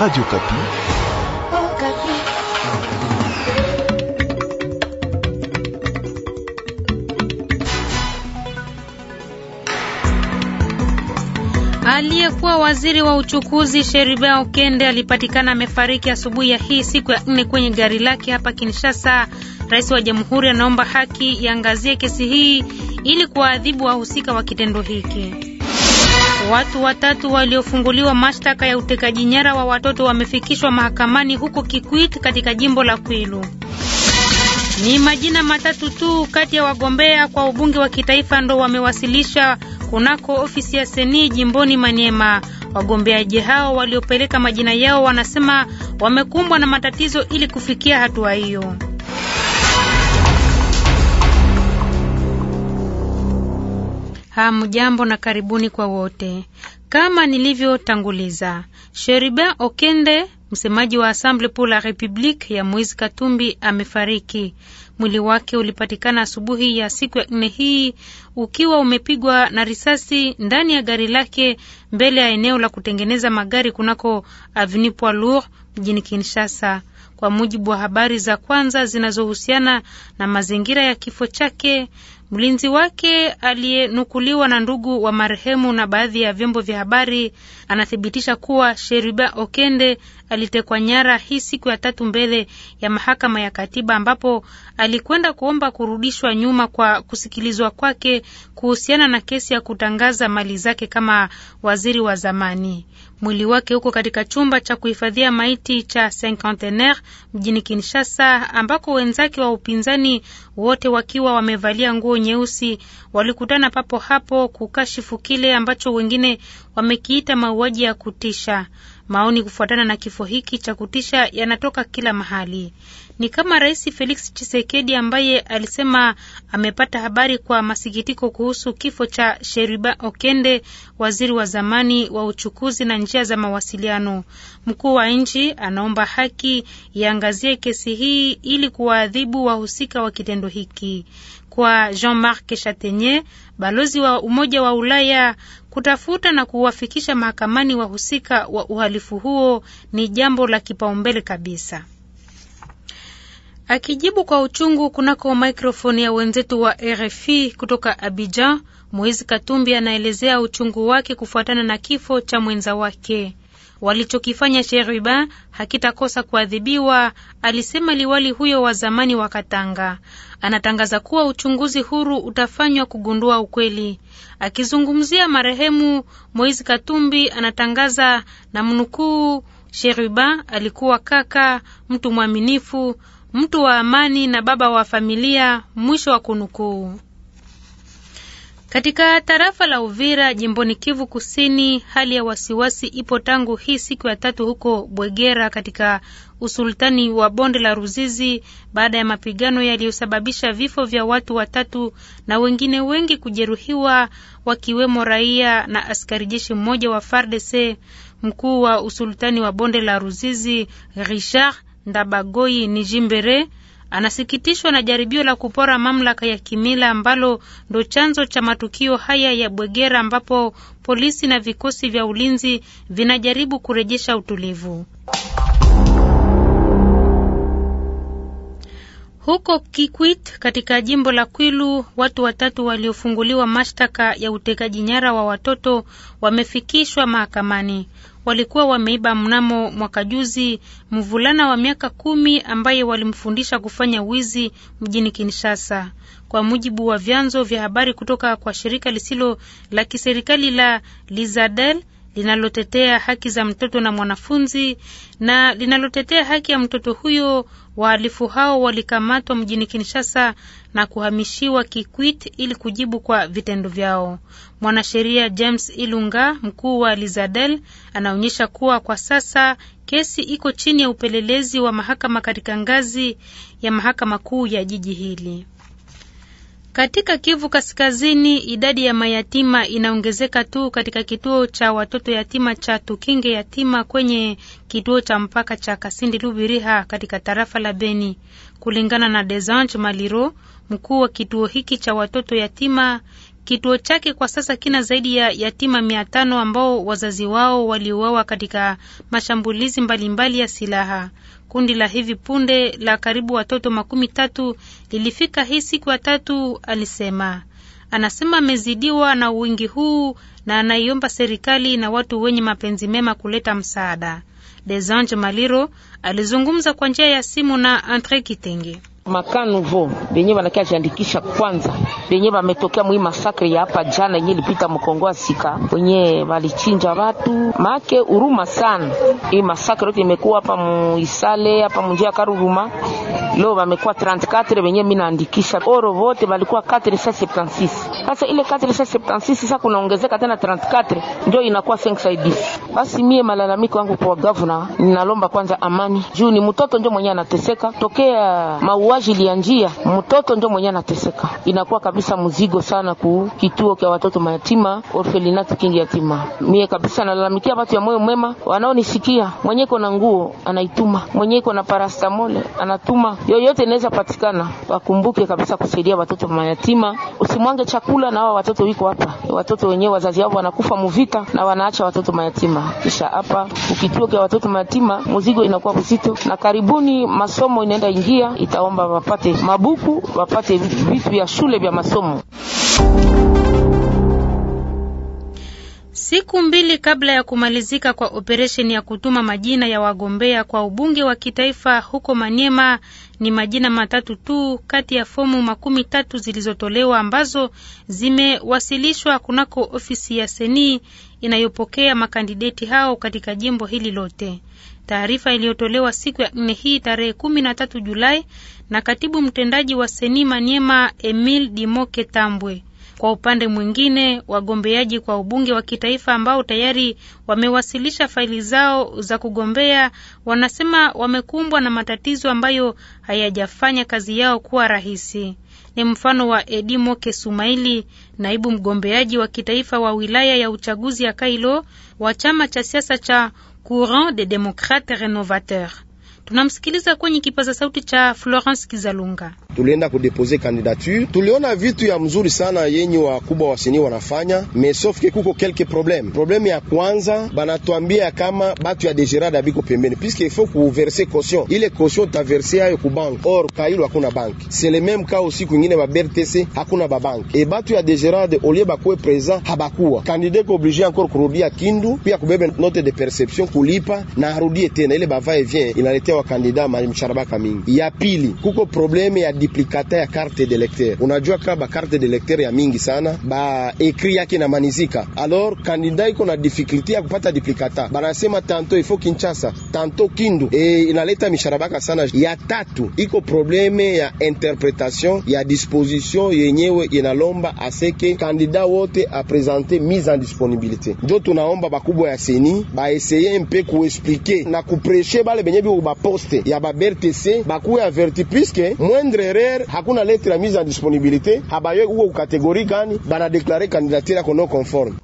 Radio Kapi. Oh, Kapi. Aliyekuwa waziri wa uchukuzi Sheribao Okende alipatikana amefariki asubuhi ya hii siku ya nne kwenye gari lake hapa Kinshasa. Rais wa Jamhuri anaomba haki iangazie kesi hii ili kuwaadhibu wahusika wa kitendo hiki. Watu watatu waliofunguliwa mashtaka ya utekaji nyara wa watoto wamefikishwa mahakamani huko Kikwit katika jimbo la Kwilu. Ni majina matatu tu kati ya wagombea kwa ubunge wa kitaifa ndo wamewasilisha kunako ofisi ya Seni jimboni Maniema. Wagombeaji hao waliopeleka majina yao wanasema wamekumbwa na matatizo ili kufikia hatua hiyo. Hamjambo na karibuni kwa wote. Kama nilivyotanguliza, Sheriben Okende, msemaji wa Assemble pour la Republique ya Moise Katumbi, amefariki. Mwili wake ulipatikana asubuhi ya siku ya nne hii ukiwa umepigwa na risasi ndani ya gari lake mbele ya eneo la kutengeneza magari kunako Avenue Poids Lourds mjini Kinshasa. Kwa mujibu wa habari za kwanza zinazohusiana na mazingira ya kifo chake, Mlinzi wake aliyenukuliwa na ndugu wa marehemu na baadhi ya vyombo vya habari anathibitisha kuwa Sheriba Okende alitekwa nyara hii siku ya tatu mbele ya mahakama ya katiba ambapo alikwenda kuomba kurudishwa nyuma kwa kusikilizwa kwake kuhusiana na kesi ya kutangaza mali zake kama waziri wa zamani. Mwili wake huko katika chumba cha kuhifadhia maiti cha Cinquantenaire mjini Kinshasa, ambako wenzake wa upinzani wote wakiwa wamevalia nguo nyeusi walikutana papo hapo kukashifu kile ambacho wengine wamekiita mauaji ya kutisha. Maoni kufuatana na kifo hiki cha kutisha yanatoka kila mahali. Ni kama Rais Felix Tshisekedi ambaye alisema amepata habari kwa masikitiko kuhusu kifo cha Sheriba Okende, waziri wa zamani wa uchukuzi na njia za mawasiliano. Mkuu wa nchi anaomba haki iangazie kesi hii ili kuwaadhibu wahusika wa kitendo hiki. Kwa Jean-Marc Chatenye, balozi wa Umoja wa Ulaya Kutafuta na kuwafikisha mahakamani wahusika wa uhalifu huo ni jambo la kipaumbele kabisa. Akijibu kwa uchungu kunako mikrofoni ya wenzetu wa RFI kutoka Abidjan, Moizi Katumbi anaelezea uchungu wake kufuatana na kifo cha mwenza wake. Walichokifanya Sheriba hakitakosa kuadhibiwa, alisema liwali huyo wa zamani wa Katanga. Anatangaza kuwa uchunguzi huru utafanywa kugundua ukweli. Akizungumzia marehemu Moise Katumbi, anatangaza na mnukuu, Sheriba alikuwa kaka, mtu mwaminifu, mtu wa amani na baba wa familia, mwisho wa kunukuu. Katika tarafa la Uvira jimboni Kivu Kusini, hali ya wasiwasi ipo tangu hii siku ya tatu huko Bwegera katika usultani wa bonde la Ruzizi baada ya mapigano yaliyosababisha vifo vya watu watatu na wengine wengi kujeruhiwa, wakiwemo raia na askari jeshi mmoja wa FARDC. Mkuu wa usultani wa bonde la Ruzizi Richard Ndabagoi Nijimbere Anasikitishwa na jaribio la kupora mamlaka ya kimila ambalo ndo chanzo cha matukio haya ya Bwegera ambapo polisi na vikosi vya ulinzi vinajaribu kurejesha utulivu. Huko Kikwit katika jimbo la Kwilu, watu watatu waliofunguliwa mashtaka ya utekaji nyara wa watoto wamefikishwa mahakamani walikuwa wameiba mnamo mwaka juzi mvulana wa miaka kumi ambaye walimfundisha kufanya wizi mjini Kinshasa, kwa mujibu wa vyanzo vya habari kutoka kwa shirika lisilo la kiserikali la Lizadel linalotetea haki za mtoto na mwanafunzi na linalotetea haki ya mtoto huyo. Wahalifu hao walikamatwa mjini Kinshasa na kuhamishiwa Kikwit ili kujibu kwa vitendo vyao. Mwanasheria James Ilunga, mkuu wa Lizadel, anaonyesha kuwa kwa sasa kesi iko chini ya upelelezi wa mahakama katika ngazi ya mahakama kuu ya jiji hili. Katika Kivu Kaskazini, idadi ya mayatima inaongezeka tu katika kituo cha watoto yatima cha Tukinge Yatima kwenye kituo cha mpaka cha Kasindi Lubiriha katika tarafa la Beni, kulingana na Desange Maliro, mkuu wa kituo hiki cha watoto yatima. Kituo chake kwa sasa kina zaidi ya yatima mia tano ambao wazazi wao waliuawa katika mashambulizi mbalimbali mbali ya silaha. Kundi la hivi punde la karibu watoto makumi tatu lilifika hii siku ya tatu, alisema. Anasema amezidiwa na wingi huu na anaiomba serikali na watu wenye mapenzi mema kuleta msaada. Desange Maliro alizungumza kwa njia ya simu na Andre Kitenge makanuvo benye banakia jiandikisha kwanza, benye wametokea mwi masakre ya hapa jana yenye lipita mkongo wa sika wenye walichinja watu make huruma sana. Hii masakre yote imekuwa hapa muisale hapa munjia ya Karuruma, leo wamekuwa 34 benye minaandikisha oro vote balikuwa 476 sasa ile 4 ilisha sasa kunaongezeka tena 34 ndio inakuwa 5 saidizi. Basi mie malalamiko yangu kwa governor, ninalomba kwanza amani, juu ni mtoto ndio mwenye anateseka tokea mauaji ya njia, mtoto ndio mwenye anateseka. Inakuwa kabisa mzigo sana ku kituo kwa watoto mayatima orfelinati kingi yatima. Mie kabisa nalalamikia watu ya moyo mwema wanaonisikia, mwenye kona nguo anaituma, mwenye kona parastamole anatuma, yoyote inaweza patikana. Wakumbuke kabisa kusaidia watoto mayatima, usimwange chakula chakula, na hawa watoto wiko hapa, watoto wenyewe wazazi wao wanakufa muvita na wanaacha watoto mayatima. Kisha hapa ukituo kwa watoto mayatima, mzigo inakuwa mzito, na karibuni masomo inaenda ingia, itaomba wapate mabuku, wapate vitu vya shule vya masomo. Siku mbili kabla ya kumalizika kwa operesheni ya kutuma majina ya wagombea kwa ubunge wa kitaifa huko Maniema, ni majina matatu tu kati ya fomu makumi tatu zilizotolewa ambazo zimewasilishwa kunako ofisi ya Seni inayopokea makandideti hao katika jimbo hili lote. Taarifa iliyotolewa siku ya nne hii tarehe kumi na tatu Julai na katibu mtendaji wa Seni Maniema Emil Dimoke Tambwe kwa upande mwingine, wagombeaji kwa ubunge wa kitaifa ambao tayari wamewasilisha faili zao za kugombea wanasema wamekumbwa na matatizo ambayo hayajafanya kazi yao kuwa rahisi. Ni mfano wa Edimo Kesumaili, naibu mgombeaji wa kitaifa wa wilaya ya uchaguzi ya Kailo wa chama cha siasa cha Courant des Democrates Renovateurs. Tunamsikiliza kwenye kipaza sauti cha Florence Kizalunga tulienda kudepose kandidature tuliona vitu ya mzuri sana yenye wakubwa sini wanafanya que kuko quelques problèmes. Problème ya kwanza banatwambia kama batu ya degerade abiko pembeni, piske ifo kuverse caution, ile caution taverse ayo ku bank or kailo hakuna bank, c'est le même cas aussi kwingine ba BRTC hakuna ba bank e batu ya degerade olie bakuwe present habakuwa kandide ko oblige encore kurudia Kindu pia kubebe note de perception kulipa na arudie tena, ile bava et vient inaletea wakandida msharabaka mingi. Ya pili kuko probleme ya multiplikata ya karte de lecteur. Unajua kaba karte de lecteur ya mingi sana ba ekri yake na manizika, alors kandida iko na difficulty ya kupata duplikata. Banasema tanto ifo Kinshasa, tanto Kindu, e inaleta misharabaka sana. Ya tatu iko probleme ya interpretation ya disposition yenyewe inalomba aseke kandida wote apresente mise en disponibilité. Njo tunaomba bakubwa ya seni baeseye mpe kuexplike na kupreshe bale benye ba baposte ya ba BRTC bakuya averti puisque moindre PPRR hakuna lettre ya mise en disponibilité habayo uwo ukategori gani bana deklare kandidatira kono conforme.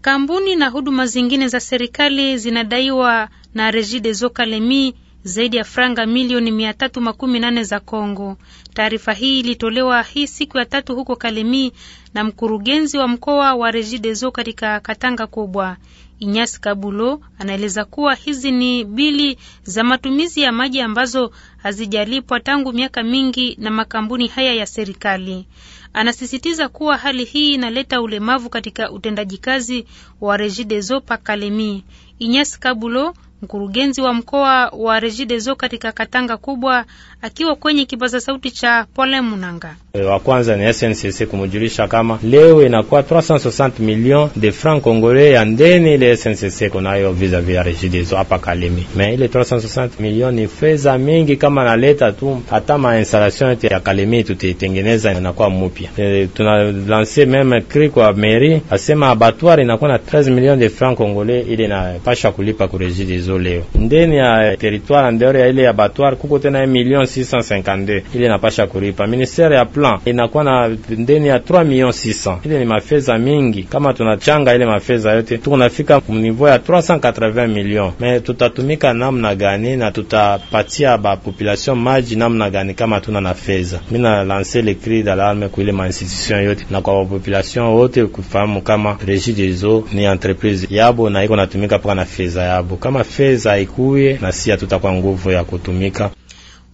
Kampuni na huduma zingine za serikali zinadaiwa na Regideso Kalemi zaidi ya franga milioni mia tatu makumi nane za Kongo. Taarifa hii ilitolewa hii siku ya tatu huko Kalemi na mkurugenzi wa mkoa wa Regideso katika Katanga kubwa. Inyas Kabulo anaeleza kuwa hizi ni bili za matumizi ya maji ambazo hazijalipwa tangu miaka mingi na makampuni haya ya serikali. Anasisitiza kuwa hali hii inaleta ulemavu katika utendaji kazi wa Regideso pa Kalemi. Inyas Kabulo Mkurugenzi wa mkoa wa Regideso katika Katanga kubwa akiwa kwenye kipaza sauti cha Pole Munanga. Eh, wa kwanza ni SNCC kumujulisha kama leo inakuwa 360 million de francs congolais ya ndeni ile SNCC kunayo visa vya Regideso hapa Kalemi. Me ile 360 million ni fedha mingi, kama naleta tu hata ma installation ya Kalemi tutaitengeneza inakuwa mupya E, eh, tuna meme cri kwa mairie asema abattoir inakuwa na 13 million de francs congolais ile inapasha kulipa ku Regideso izolewa ndeni ya teritwari andeore ya ile ya batwari, kuko tena million 652 ile napasha kulipa ministere ya plan inakuwa na ndeni ya 3 million 600. Ile ni mafeza mingi, kama tunachanga ile mafeza yote tukunafika kumnivo ya 380 milioni. Me tutatumika namna gani na tutapatia ba population maji namna gani kama tuna na feza? na lancer le cri d'alarme kwa ile ma institution yote na kwa population wote kufahamu kama Regideso ni entreprise yabo na iko natumika paka na feza yabo kama fedha ikuye na si tutakuwa nguvu ya kutumika.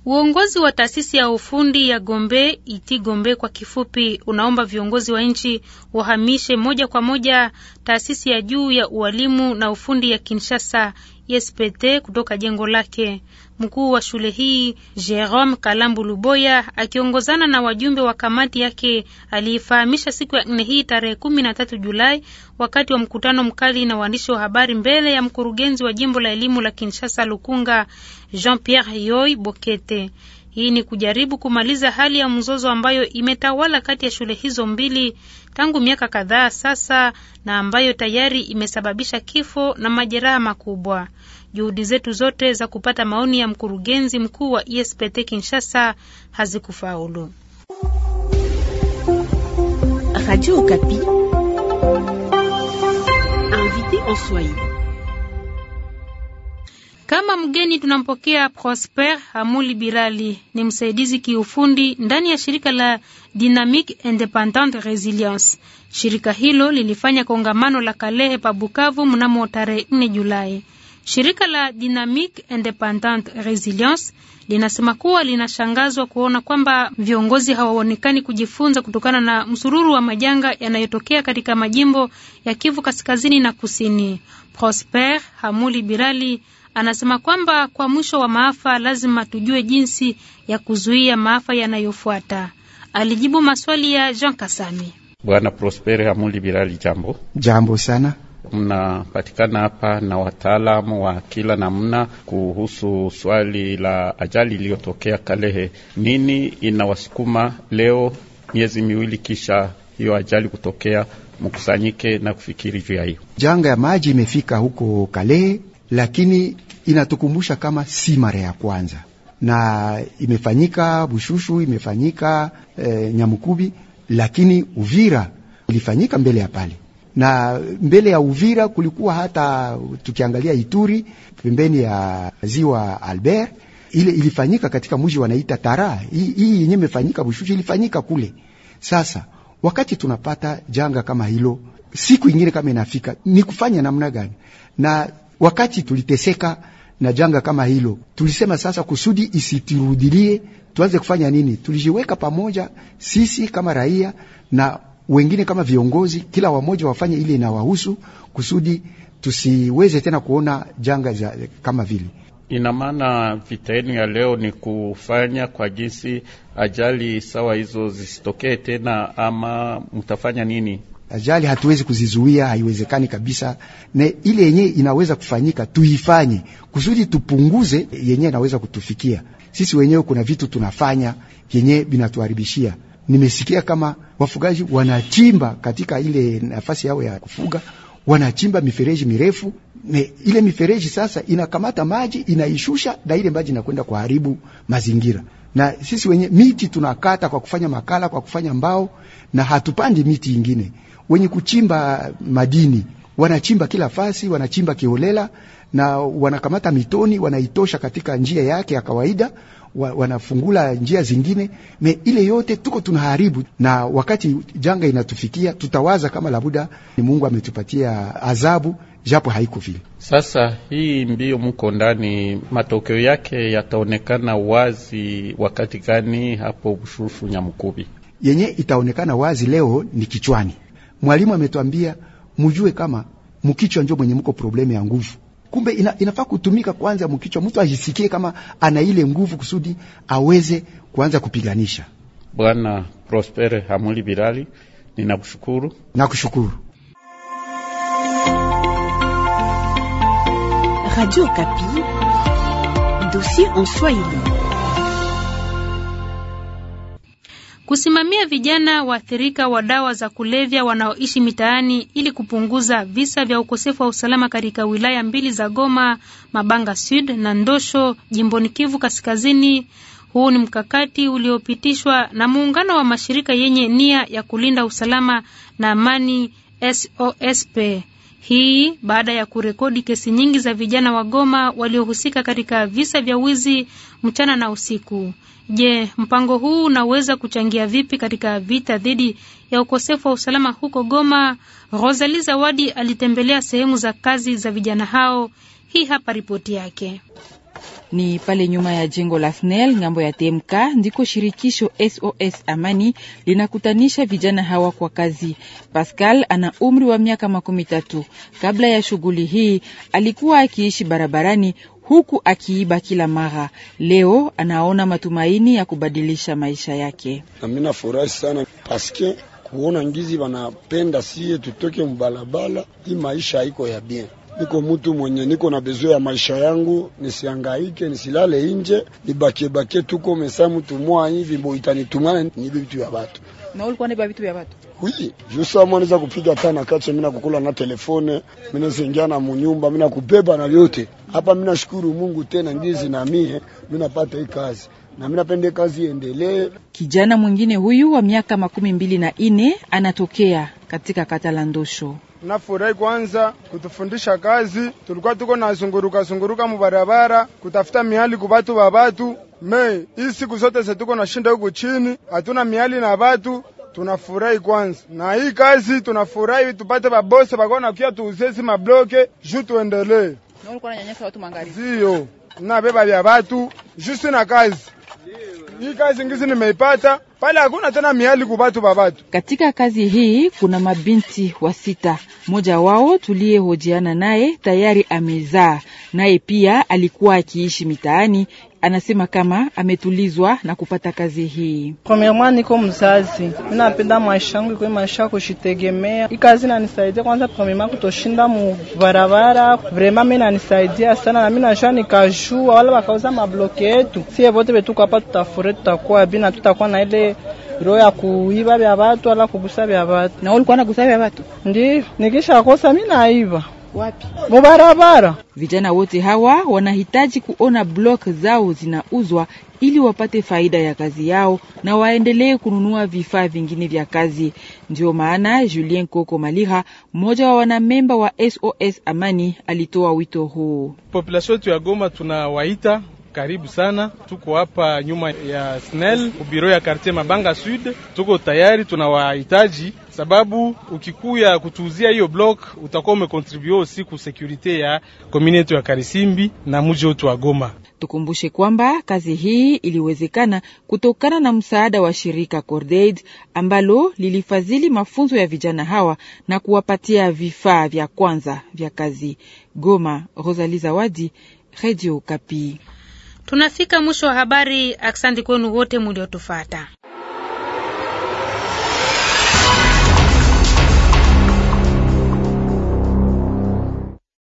Uongozi wa taasisi ya ufundi ya Gombe iti Gombe kwa kifupi, unaomba viongozi wa nchi wahamishe moja kwa moja taasisi ya juu ya ualimu na ufundi ya Kinshasa ESPT kutoka jengo lake. Mkuu wa shule hii Jerome Kalambu Luboya akiongozana na wajumbe wa kamati yake aliifahamisha siku ya nne hii tarehe kumi na tatu Julai wakati wa mkutano mkali na waandishi wa habari mbele ya mkurugenzi wa jimbo la elimu la Kinshasa Lukunga Jean-Pierre Yoi Bokete. Hii ni kujaribu kumaliza hali ya mzozo ambayo imetawala kati ya shule hizo mbili tangu miaka kadhaa sasa na ambayo tayari imesababisha kifo na majeraha makubwa. Juhudi zetu zote za kupata maoni ya mkurugenzi mkuu wa ISPT e Kinshasa hazikufaulu. Radio Okapi. Invité en Swahili. Kama mgeni tunampokea Prosper Hamuli birali ni msaidizi kiufundi ndani ya shirika la Dynamique Independante Resilience. Shirika hilo lilifanya kongamano la Kalehe pa Bukavu mnamo tarehe 4 Julai. Shirika la Dynamique Independante Resilience linasema kuwa linashangazwa kuona kwamba viongozi hawaonekani kujifunza kutokana na msururu wa majanga yanayotokea katika majimbo ya Kivu Kaskazini na Kusini. Prosper Hamuli Birali Anasema kwamba kwa mwisho wa maafa lazima tujue jinsi ya kuzuia maafa yanayofuata. Alijibu maswali ya Jean Kasami. Bwana Prosper Hamuli Birali, jambo. Jambo sana. Mnapatikana hapa na wataalamu wa kila namna kuhusu swali la ajali iliyotokea Kalehe. Nini inawasukuma leo miezi miwili kisha hiyo ajali kutokea mkusanyike na kufikiri juu ya hiyo janga ya maji imefika huko Kalehe lakini inatukumbusha kama si mara ya kwanza, na imefanyika Bushushu, imefanyika e, Nyamukubi, lakini Uvira ilifanyika mbele ya pale na mbele ya Uvira kulikuwa hata tukiangalia Ituri pembeni ya ziwa Albert, ile ilifanyika katika mji wanaita Tara. Hii yenyewe imefanyika Bushushu, ilifanyika kule. Sasa wakati tunapata janga kama hilo, siku ingine kama inafika, ni kufanya namna gani? Na Wakati tuliteseka na janga kama hilo, tulisema sasa kusudi isiturudilie tuanze kufanya nini? Tulijiweka pamoja sisi kama raia na wengine kama viongozi, kila wamoja wafanye ile inawahusu kusudi tusiweze tena kuona janga za kama vile. Ina maana vita yenu ya leo ni kufanya kwa jinsi ajali sawa hizo zisitokee tena, ama mtafanya nini? ajali hatuwezi kuzizuia, haiwezekani kabisa. Na ile yenye inaweza kufanyika tuifanye kusudi tupunguze yenye inaweza kutufikia sisi wenyewe. Kuna vitu tunafanya yenye vinatuharibishia. Nimesikia kama wafugaji wanachimba katika ile nafasi yao ya kufuga, wanachimba mifereji mirefu ne, ile mifereji sasa inakamata maji inaishusha, na ile maji inakwenda kuharibu mazingira na sisi wenye miti tunakata kwa kufanya makala, kwa kufanya mbao, na hatupandi miti ingine wenye kuchimba madini wanachimba kila fasi, wanachimba kiholela na wanakamata mitoni wanaitosha katika njia yake ya kawaida, wa, wanafungula njia zingine. Me ile yote tuko tunaharibu, na wakati janga inatufikia tutawaza kama labuda ni Mungu ametupatia adhabu, japo haiko vile. Sasa hii mbio mko ndani, matokeo yake yataonekana wazi wakati gani? Hapo Bushushu Nyamukubi yenye itaonekana wazi leo ni kichwani Mwalimu ametwambia mujue kama mkichwa njo mwenye mko problemu ya nguvu. Kumbe ina, inafaa kutumika kwanza mkichwa, mtu ajisikie kama ana ile nguvu kusudi aweze kuanza kupiganisha. Bwana Prospere Hamuli Birali, ninakushukuru. Nakushukuru. Radio Kapi, dossier en Swahili. kusimamia vijana waathirika wa dawa za kulevya wanaoishi mitaani ili kupunguza visa vya ukosefu wa usalama katika wilaya mbili za Goma, Mabanga Sud na Ndosho, jimboni Kivu Kaskazini. Huu ni mkakati uliopitishwa na muungano wa mashirika yenye nia ya kulinda usalama na amani SOSP. Hii baada ya kurekodi kesi nyingi za vijana wa Goma waliohusika katika visa vya wizi mchana na usiku. Je, mpango huu unaweza kuchangia vipi katika vita dhidi ya ukosefu wa usalama huko Goma? Rosalie Zawadi alitembelea sehemu za kazi za vijana hao. Hii hapa ripoti yake ni pale nyuma ya jengo la FNEL ngambo ya TMK ndiko shirikisho SOS Amani linakutanisha vijana hawa kwa kazi. Pascal ana umri wa miaka makumi tatu. Kabla ya shughuli hii alikuwa akiishi barabarani huku akiiba kila mara. Leo anaona matumaini ya kubadilisha maisha yake. Na mimi nafurahi sana paske kuona ngizi wanapenda sie tutoke mbalabala, hii maisha iko ya bien niko mtu mwenye niko na bezo ya maisha yangu, nisiangaike, nisilale nje, nibakie bakie tuko mesa mtu mwa hivi mbo itanitumana ni vitu vya watu. Na ulikuwa ni vitu vya watu. Oui, jusa mwa niza kupiga tana kache, mina kukula na telefone, mina zingia na munyumba, mina kubeba na vyote. Hapa mina shukuru Mungu tena ndizi na mie, mina pata hii kazi na mimi napende kazi iendelee. Kijana mwingine huyu wa miaka makumi mbili na ine anatokea katika kata la Ndosho nafurahi kwanza kutufundisha kazi. Tulikuwa tuko na zunguruka zunguruka mubarabara kutafuta miali kubatu babatu me, hii siku zote na shinda huku chini, hatuna miali na batu tunafurahi kwanza na hii kazi, tunafurahi tupate babose bako kia tuuzezi mabloke ju tuendelee ndio na beba vya batu jusi na kazi hii kazi ngizi nimeipata pale, hakuna tena miali kubatu babatu. Katika kazi hii kuna mabinti wa sita mmoja wao tuliyehojiana naye tayari amezaa, naye pia alikuwa akiishi mitaani anasema kama ametulizwa na kupata kazi hii. Premierement, niko mzazi, minapenda maisha yangu ikwe maisha kushitegemea. Hii kazi nanisaidia kwanza, premierema kutoshinda mubarabara, vrema mi nanisaidia sana, na mi najua nikajua wala wakauza mabloke yetu, sie vote vetuko hapa, tutafure tutakuwa bina, tutakuwa na ile roho ya kuiba vya vatu wala kugusa vya vatu. Na ulikuwa nagusa vya vatu? Ndio, nikisha kosa mi naiba wapi? Mubarabara. Vijana wote hawa wanahitaji kuona blok zao zinauzwa ili wapate faida ya kazi yao na waendelee kununua vifaa vingine vya kazi. Ndio maana Julien Koko Malira, mmoja wa wanamemba wa SOS Amani, alitoa wito huu. Population yetu ya Goma tunawaita karibu sana, tuko hapa nyuma ya SNEL, ubiro ya quartier Mabanga Sud. Tuko tayari tunawahitaji sababu ukikuya kutuuzia hiyo block utakuwa umekontribua siku ku security ya community ya Karisimbi na mji wetu wa Goma. Tukumbushe kwamba kazi hii iliwezekana kutokana na msaada wa shirika Cordaid ambalo lilifadhili mafunzo ya vijana hawa na kuwapatia vifaa vya kwanza vya kazi. Goma, rosali Zawadi, Radio Kapi. Tunafika mwisho wa habari. Asante kwenu wote mliotufata.